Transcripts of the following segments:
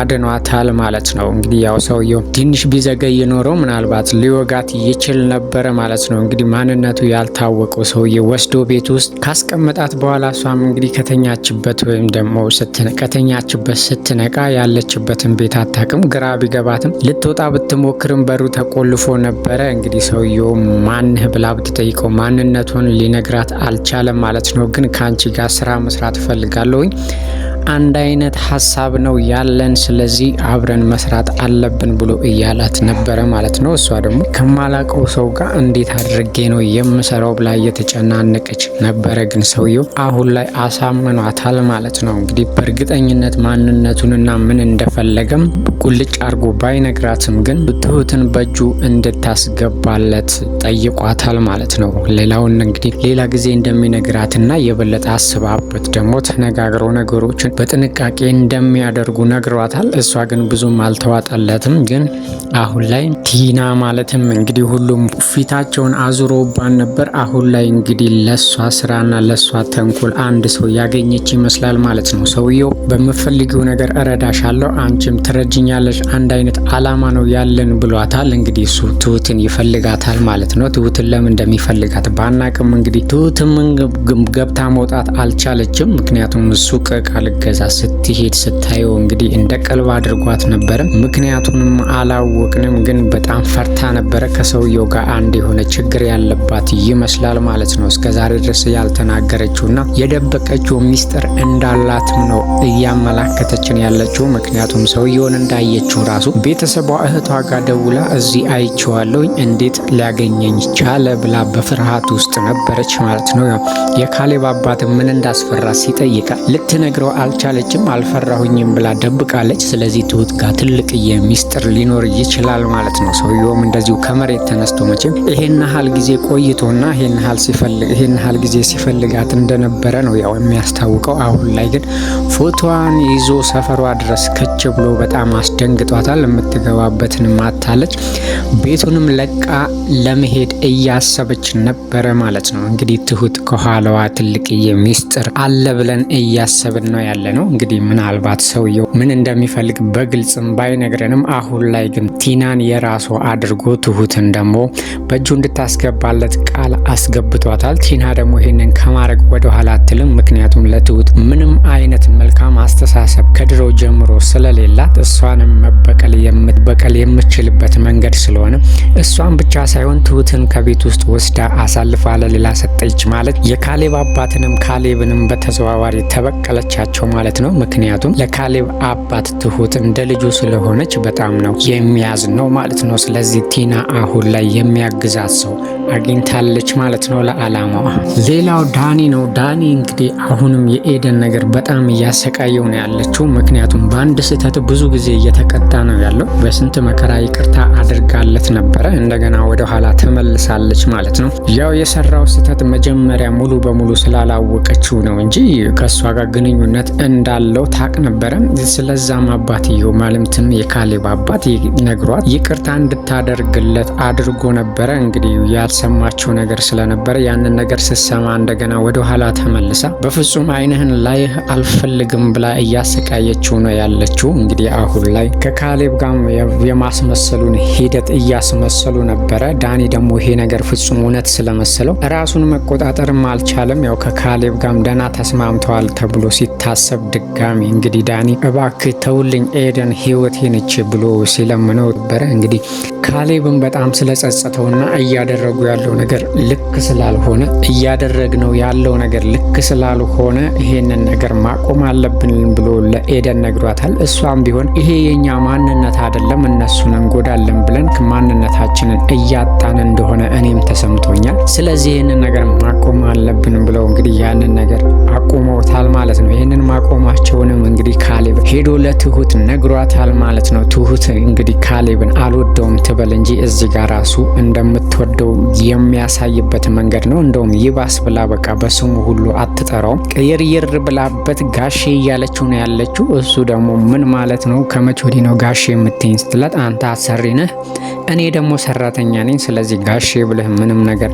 አድኗታል ማለት ነው። እንግዲህ ያው ሰውየው ትንሽ ቢዘገይ ኖሮ ምናልባት ሊወጋት ይችል ነበረ ማለት ነው። እንግዲህ ማንነቱ ያልታወቀው ሰውዬ ወስዶ ቤት ውስጥ ካስቀመጣት በኋላ እሷም እንግዲህ ከተኛችበት ወይም ደግሞ ከተኛችበት ስትነቃ ያለችበትን ቤት አታቅም ግራ ቢገባትም ልትወጣ ብትሞክርም በሩ ተቆልፎ ነበረ። እንግዲህ ሰውየው ማንህ ብላ ብትጠይቀው ማንነቱን ሊነግራት አልቻለም ማለት ነው። ግን ከአንቺ ጋር ስራ መስራት እፈልጋለሁኝ አንድ አይነት ሀሳብ ነው ያለን፣ ስለዚህ አብረን መስራት አለብን ብሎ እያላት ነበረ ማለት ነው። እሷ ደግሞ ከማላቀው ሰው ጋር እንዴት አድርጌ ነው የምሰራው ብላ እየተጨናነቀች ነበረ። ግን ሰውየው አሁን ላይ አሳምኗታል ማለት ነው። እንግዲህ በእርግጠኝነት ማንነቱንና ምን እንደፈለገም ቁልጭ አድርጎ ባይነግራትም ግን ትሁትን በእጁ እንድታስገባለት ጠይቋታል ማለት ነው። ሌላውን እንግዲህ ሌላ ጊዜ እንደሚነግራትና የበለጠ አስባበት ደግሞ ተነጋግረው ነገሮችን በጥንቃቄ እንደሚያደርጉ ነግሯታል። እሷ ግን ብዙም አልተዋጠለትም። ግን አሁን ላይ ቲና ማለትም እንግዲህ ሁሉም ፊታቸውን አዙሮባን ነበር። አሁን ላይ እንግዲህ ለሷ ስራና ለሷ ተንኮል አንድ ሰው ያገኘች ይመስላል ማለት ነው። ሰውየው በምፈልጊው ነገር እረዳሻለሁ፣ አንቺም ትረጅኛለች፣ አንድ አይነት አላማ ነው ያለን ብሏታል። እንግዲህ እሱ ትሁትን ይፈልጋታል ማለት ነው። ትሁትን ለምን እንደሚፈልጋት ባናቅም እንግዲህ ትሁትም ገብታ መውጣት አልቻለችም። ምክንያቱም እሱ ቀቃ ልገዛ ስትሄድ ስታየው እንግዲህ እንደ ቀልብ አድርጓት ነበረ። ምክንያቱንም አላወቅንም ግን በጣም ፈርታ ነበረ። ከሰውየው ጋር አንድ የሆነ ችግር ያለባት ይመስላል ማለት ነው። እስከ ዛሬ ድረስ ያልተናገረችውና የደበቀችው ሚስጥር እንዳላትም ነው እያመላከተችን ያለችው። ምክንያቱም ሰውየውን እንዳየችው ራሱ ቤተሰቧ እህቷ ጋር ደውላ እዚህ አይቼዋለሁኝ እንዴት ሊያገኘኝ ቻለ ብላ በፍርሃት ውስጥ ነበረች ማለት ነው። የካሌብ አባት ምን እንዳስፈራ ሲጠይቃል ልትነግረው አልቻለችም። አልፈራሁኝም ብላ ደብቃለች። ስለዚህ ትሁት ጋር ትልቅ የሚስጥር ሊኖር ይችላል ማለት ነው። ነው። ሰውየውም እንደዚሁ ከመሬት ተነስቶ መቼም ይሄን ያህል ጊዜ ቆይቶና ይሄን ያህል ሲፈልግ ይሄን ጊዜ ሲፈልጋት እንደነበረ ነው ያው የሚያስታውቀው። አሁን ላይ ግን ፎቶዋን ይዞ ሰፈሯ ድረስ ከች ብሎ በጣም አስደንግጧታል። የምትገባበትን ማታለች። ቤቱንም ለቃ ለመሄድ እያሰበች ነበረ ማለት ነው። እንግዲህ ትሁት ከኋላዋ ትልቅዬ ሚስጥር አለ ብለን እያሰብን ነው ያለ ነው። እንግዲህ ምናልባት ሰውየው ምን እንደሚፈልግ በግልጽም ባይነግረንም አሁን ላይ ግን ቲናን የራ የራሷ አድርጎ ትሁትን ደግሞ በእጁ እንድታስገባለት ቃል አስገብቷታል። ቲና ደግሞ ይህንን ከማድረግ ወደኋላ አትልም። ምክንያቱም ለትሁት ምንም አይነት መልካም አስተሳሰብ ከድሮ ጀምሮ ስለሌላት እሷንም መበቀል የምትበቀል የምችልበት መንገድ ስለሆነ እሷን ብቻ ሳይሆን ትሁትን ከቤት ውስጥ ወስዳ አሳልፋ ለሌላ ሰጠች ማለት የካሌብ አባትንም ካሌብንም በተዘዋዋሪ ተበቀለቻቸው ማለት ነው። ምክንያቱም ለካሌብ አባት ትሁት እንደ ልጁ ስለሆነች በጣም ነው የሚያዝ ነው ማለት ነው። ነው። ስለዚህ ቲና አሁን ላይ የሚያግዛት ሰው አግኝታለች ማለት ነው ለዓላማዋ። ሌላው ዳኒ ነው። ዳኒ እንግዲህ አሁንም የኤደን ነገር በጣም እያሰቃየው ነው ያለችው። ምክንያቱም በአንድ ስህተት ብዙ ጊዜ እየተቀጣ ነው ያለው። በስንት መከራ ይቅርታ አድርጋለት ነበረ፣ እንደገና ወደኋላ ተመልሳለች ማለት ነው። ያው የሰራው ስህተት መጀመሪያ ሙሉ በሙሉ ስላላወቀችው ነው እንጂ ከእሷ ጋር ግንኙነት እንዳለው ታቅ ነበረ። ስለዛም አባትየው ማለትም የካሌብ አባት ነግሯት ይቅርታ እንድታደርግለት አድርጎ ነበረ እንግዲህ የተሰማችው ነገር ስለነበረ ያንን ነገር ስትሰማ እንደገና ወደ ኋላ ተመልሳ በፍጹም አይንህን ላይ አልፈልግም ብላ እያሰቃየችው ነው ያለችው። እንግዲህ አሁን ላይ ከካሌብ ጋር የማስመሰሉን ሂደት እያስመሰሉ ነበረ። ዳኒ ደግሞ ይሄ ነገር ፍጹም እውነት ስለመሰለው ራሱን መቆጣጠርም አልቻለም። ያው ከካሌብ ጋም ደህና ተስማምተዋል ተብሎ ሲታሰብ ድጋሚ እንግዲህ ዳኒ እባክህ ተውልኝ ኤደን ህይወቴ ነች ብሎ ሲለምነው ነበረ እንግዲህ ካሌብን በጣም ስለጸጸተውና እያደረጉ ያለው ነገር ልክ ስላልሆነ እያደረግነው ያለው ነገር ልክ ስላልሆነ ይሄንን ነገር ማቆም አለብን ብሎ ለኤደን ነግሯታል። እሷም ቢሆን ይሄ የኛ ማንነት አይደለም፣ እነሱን እንጎዳለን ብለን ማንነታችንን እያጣን እንደሆነ እኔም ተሰምቶኛል። ስለዚህ ይህንን ነገር ማቆም አለብን ብለው እንግዲህ ያንን ነገር አቁመውታል ማለት ነው። ይህንን ማቆማቸውንም እንግዲህ ካሌብ ሄዶ ለትሁት ነግሯታል ማለት ነው። ትሁት እንግዲህ ካሌብን አልወደውም በል እንጂ እዚህ ጋር ራሱ እንደምትወደው የሚያሳይበት መንገድ ነው። እንደውም ይባስ ብላ በቃ በስሙ ሁሉ አትጠራውም። ቅይርይር ብላበት ጋሼ እያለችው ነው ያለችው። እሱ ደግሞ ምን ማለት ነው ከመቼ ወዲህ ነው ጋሼ የምትይኝ ስትላት፣ አንተ አሰሪ ነህ፣ እኔ ደግሞ ሰራተኛ ነኝ፣ ስለዚህ ጋሼ ብልህ ምንም ነገር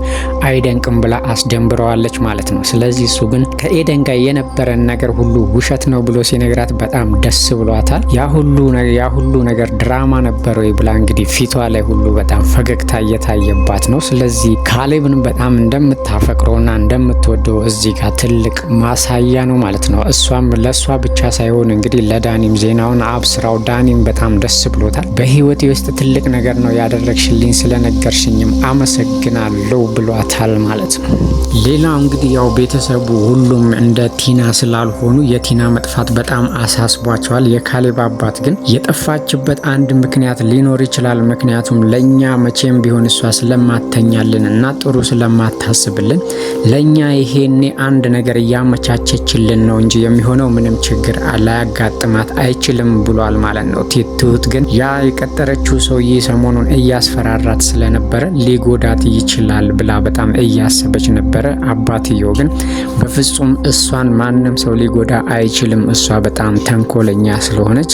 አይደንቅም ብላ አስደንብረዋለች ማለት ነው። ስለዚህ እሱ ግን ከኤደን ጋር የነበረን ነገር ሁሉ ውሸት ነው ብሎ ሲነግራት በጣም ደስ ብሏታል። ያ ሁሉ ነገር ድራማ ነበረ ብላ እንግዲህ ፊቷ ላይ ሁሉ በጣም ፈገግታ እየታየባት ነው። ስለዚህ ካሌብን በጣም እንደምታፈቅረውና እንደምትወደው እዚህ ጋር ትልቅ ማሳያ ነው ማለት ነው። እሷም ለእሷ ብቻ ሳይሆን እንግዲህ ለዳኒም ዜናውን አብስራው። ዳኒም በጣም ደስ ብሎታል። በህይወቴ ውስጥ ትልቅ ነገር ነው ያደረግሽልኝ፣ ስለነገርሽኝም አመሰግናለሁ ብሏታል ማለት ነው። ሌላው እንግዲህ ያው ቤተሰቡ ሁሉም እንደ ቲና ስላልሆኑ የቲና መጥፋት በጣም አሳስቧቸዋል። የካሌብ አባት ግን የጠፋችበት አንድ ምክንያት ሊኖር ይችላል ምክንያት ምክንያቱም ለእኛ መቼም ቢሆን እሷ ስለማተኛልን እና ጥሩ ስለማታስብልን ለእኛ ይሄኔ አንድ ነገር እያመቻቸችልን ነው እንጂ የሚሆነው ምንም ችግር ላያጋጥማት አይችልም ብሏል ማለት ነው። ትሁት ግን ያ የቀጠረችው ሰውዬ ሰሞኑን እያስፈራራት ስለነበረ ሊጎዳት ይችላል ብላ በጣም እያሰበች ነበረ። አባትየው ግን በፍጹም እሷን ማንም ሰው ሊጎዳ አይችልም፣ እሷ በጣም ተንኮለኛ ስለሆነች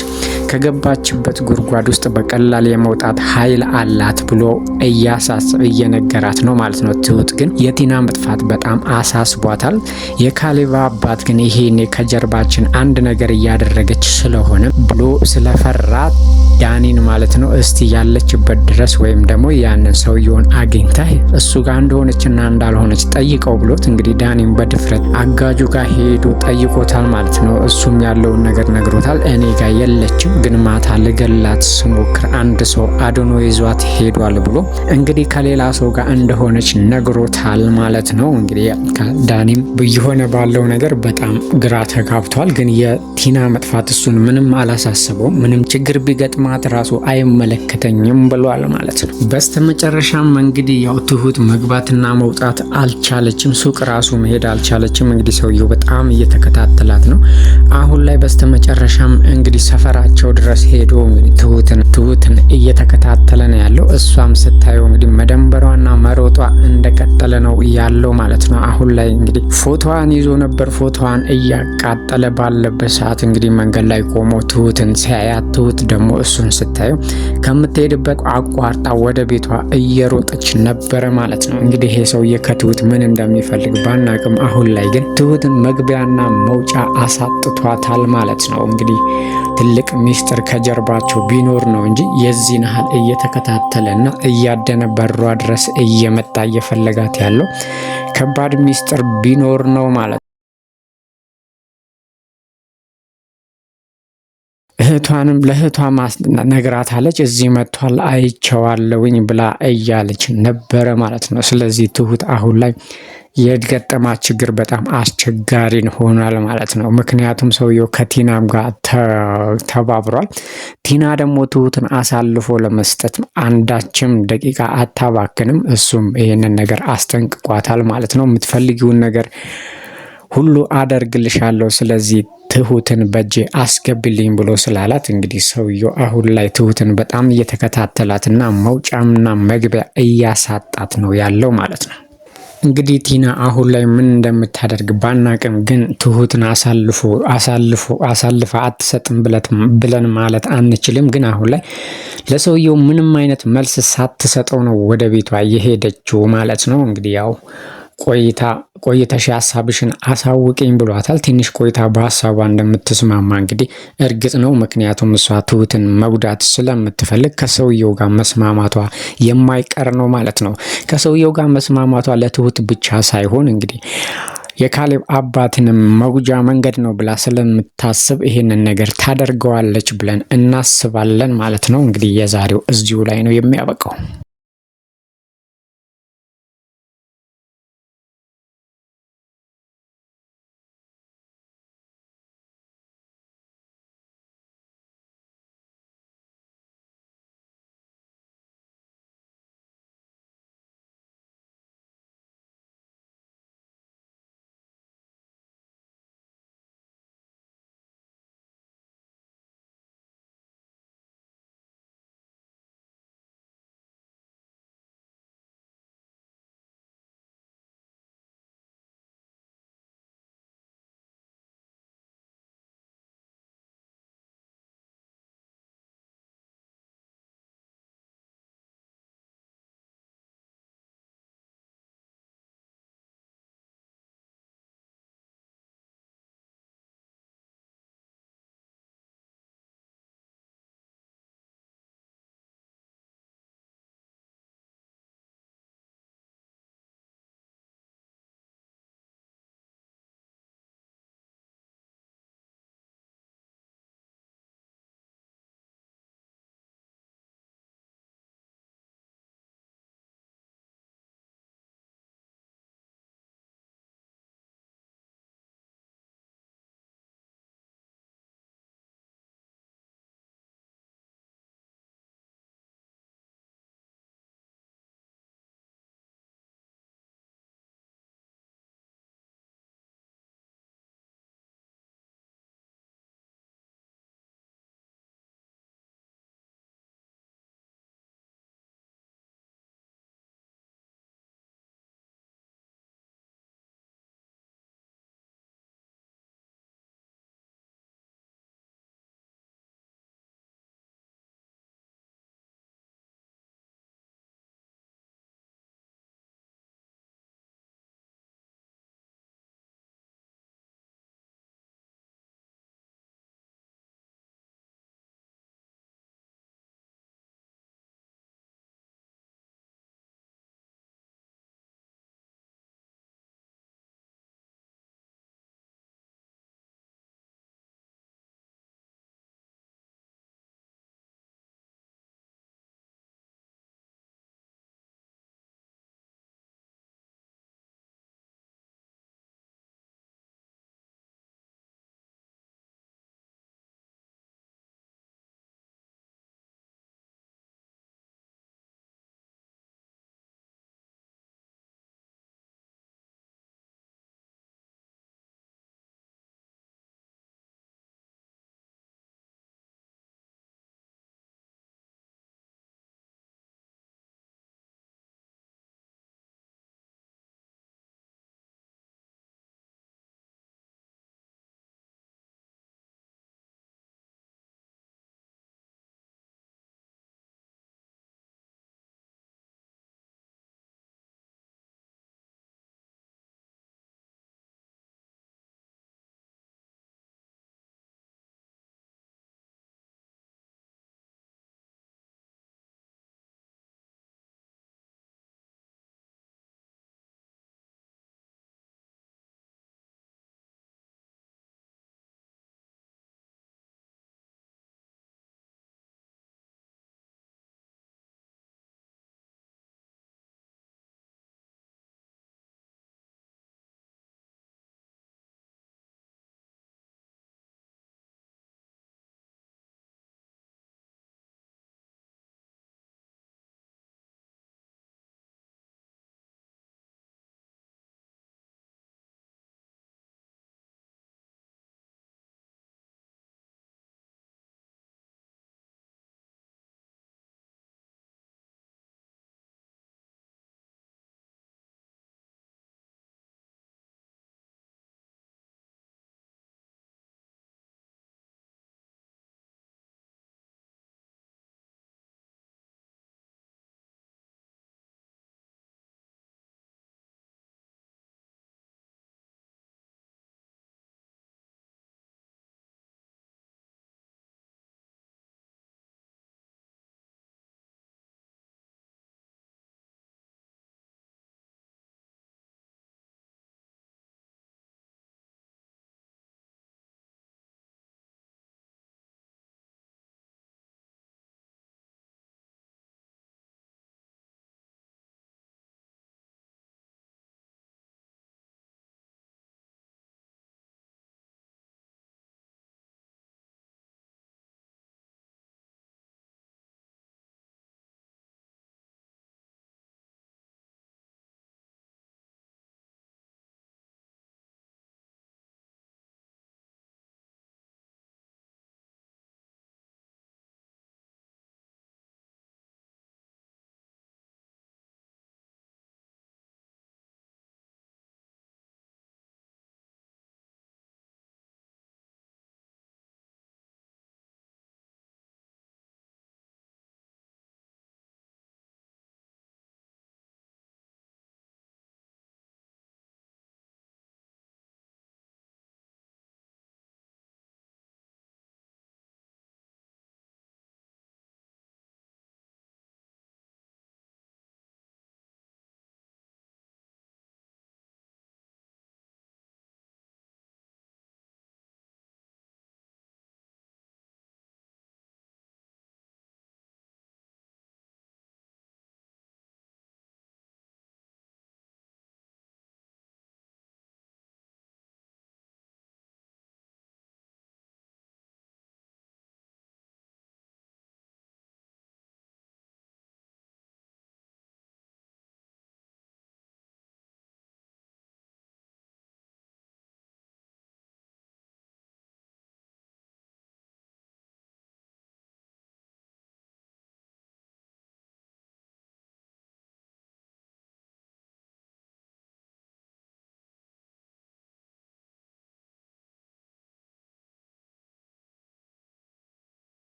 ከገባችበት ጉድጓድ ውስጥ በቀላል የመውጣት ሀይ ኃይል አላት ብሎ እያሳስ እየነገራት ነው ማለት ነው። ትሁት ግን የቲና መጥፋት በጣም አሳስቧታል። የካሌባ አባት ግን ይሄኔ ከጀርባችን አንድ ነገር እያደረገች ስለሆነ ብሎ ስለፈራ ዳኒን ማለት ነው እስቲ ያለችበት ድረስ ወይም ደግሞ ያንን ሰውየውን አግኝታ እሱ ጋር እንደሆነችና እንዳልሆነች ጠይቀው ብሎት እንግዲህ ዳኒን በድፍረት አጋጁ ጋር ሄዱ ጠይቆታል ማለት ነው። እሱም ያለውን ነገር ነግሮታል። እኔ ጋር የለችም፣ ግን ማታ ልገላት ስሞክር አንድ ሰው አድኖ ይዟት ሄዷል ብሎ እንግዲህ ከሌላ ሰው ጋር እንደሆነች ነግሮታል ማለት ነው። እንግዲህ ዳኒም የሆነ ባለው ነገር በጣም ግራ ተጋብቷል። ግን የቲና መጥፋት እሱን ምንም አላሳስበውም። ምንም ችግር ቢገጥማ መስማት ራሱ አይመለከተኝም ብሏል ማለት ነው። በስተመጨረሻም እንግዲህ ያው ትሁት መግባትና መውጣት አልቻለችም። ሱቅ ራሱ መሄድ አልቻለችም። እንግዲህ ሰውየው በጣም እየተከታተላት ነው። አሁን ላይ በስተመጨረሻም እንግዲህ ሰፈራቸው ድረስ ሄዶ ትሁትን ትሁትን እየተከታተለ ነው ያለው። እሷም ስታየው እንግዲህ መደንበሯና መሮጧ እንደቀጠለ ነው ያለው ማለት ነው። አሁን ላይ እንግዲህ ፎቶዋን ይዞ ነበር። ፎቶዋን እያቃጠለ ባለበት ሰዓት እንግዲህ መንገድ ላይ ቆሞ ትሁትን ሲያያት ትሁት ደግሞ እሱ እሱን ስታዩ ከምትሄድበት አቋርጣ ወደ ቤቷ እየሮጠች ነበረ ማለት ነው። እንግዲህ ይሄ ሰውዬ ከትሁት ምን እንደሚፈልግ ባናቅም፣ አሁን ላይ ግን ትሁትን መግቢያና መውጫ አሳጥቷታል ማለት ነው። እንግዲህ ትልቅ ሚስጥር ከጀርባቸው ቢኖር ነው እንጂ የዚህን ያህል እየተከታተለና እያደነ በሯ ድረስ እየመጣ እየፈለጋት ያለው ከባድ ሚስጥር ቢኖር ነው ማለት ነው። እህቷንም ለእህቷ ነግራታለች። እዚህ መጥቷል አይቸዋለውኝ ብላ እያለች ነበረ ማለት ነው። ስለዚህ ትሁት አሁን ላይ የገጠማ ችግር በጣም አስቸጋሪ ሆኗል ማለት ነው። ምክንያቱም ሰውየው ከቲናም ጋር ተባብሯል። ቲና ደግሞ ትሁትን አሳልፎ ለመስጠት አንዳችም ደቂቃ አታባክንም። እሱም ይህንን ነገር አስጠንቅቋታል ማለት ነው። የምትፈልጊውን ነገር ሁሉ አደርግልሻለሁ ስለዚህ ትሁትን በእጄ አስገብልኝ ብሎ ስላላት እንግዲህ ሰውየው አሁን ላይ ትሁትን በጣም እየተከታተላትና መውጫምና መግቢያ እያሳጣት ነው ያለው ማለት ነው። እንግዲህ ቲና አሁን ላይ ምን እንደምታደርግ ባናቅም ግን ትሁትን አሳልፎ አሳልፎ አሳልፋ አትሰጥም ብለን ማለት አንችልም። ግን አሁን ላይ ለሰውየው ምንም አይነት መልስ ሳትሰጠው ነው ወደ ቤቷ የሄደችው ማለት ነው እንግዲህ ያው ቆይታ ቆይተሽ ሀሳብሽን አሳውቅኝ ብሏታል። ትንሽ ቆይታ በሀሳቧ እንደምትስማማ እንግዲህ እርግጥ ነው። ምክንያቱም እሷ ትሁትን መጉዳት ስለምትፈልግ ከሰውየው ጋር መስማማቷ የማይቀር ነው ማለት ነው። ከሰውየው ጋር መስማማቷ ለትሁት ብቻ ሳይሆን እንግዲህ የካሌብ አባትንም መጉጃ መንገድ ነው ብላ ስለምታስብ ይሄንን ነገር ታደርገዋለች ብለን እናስባለን ማለት ነው። እንግዲህ የዛሬው እዚሁ ላይ ነው የሚያበቃው።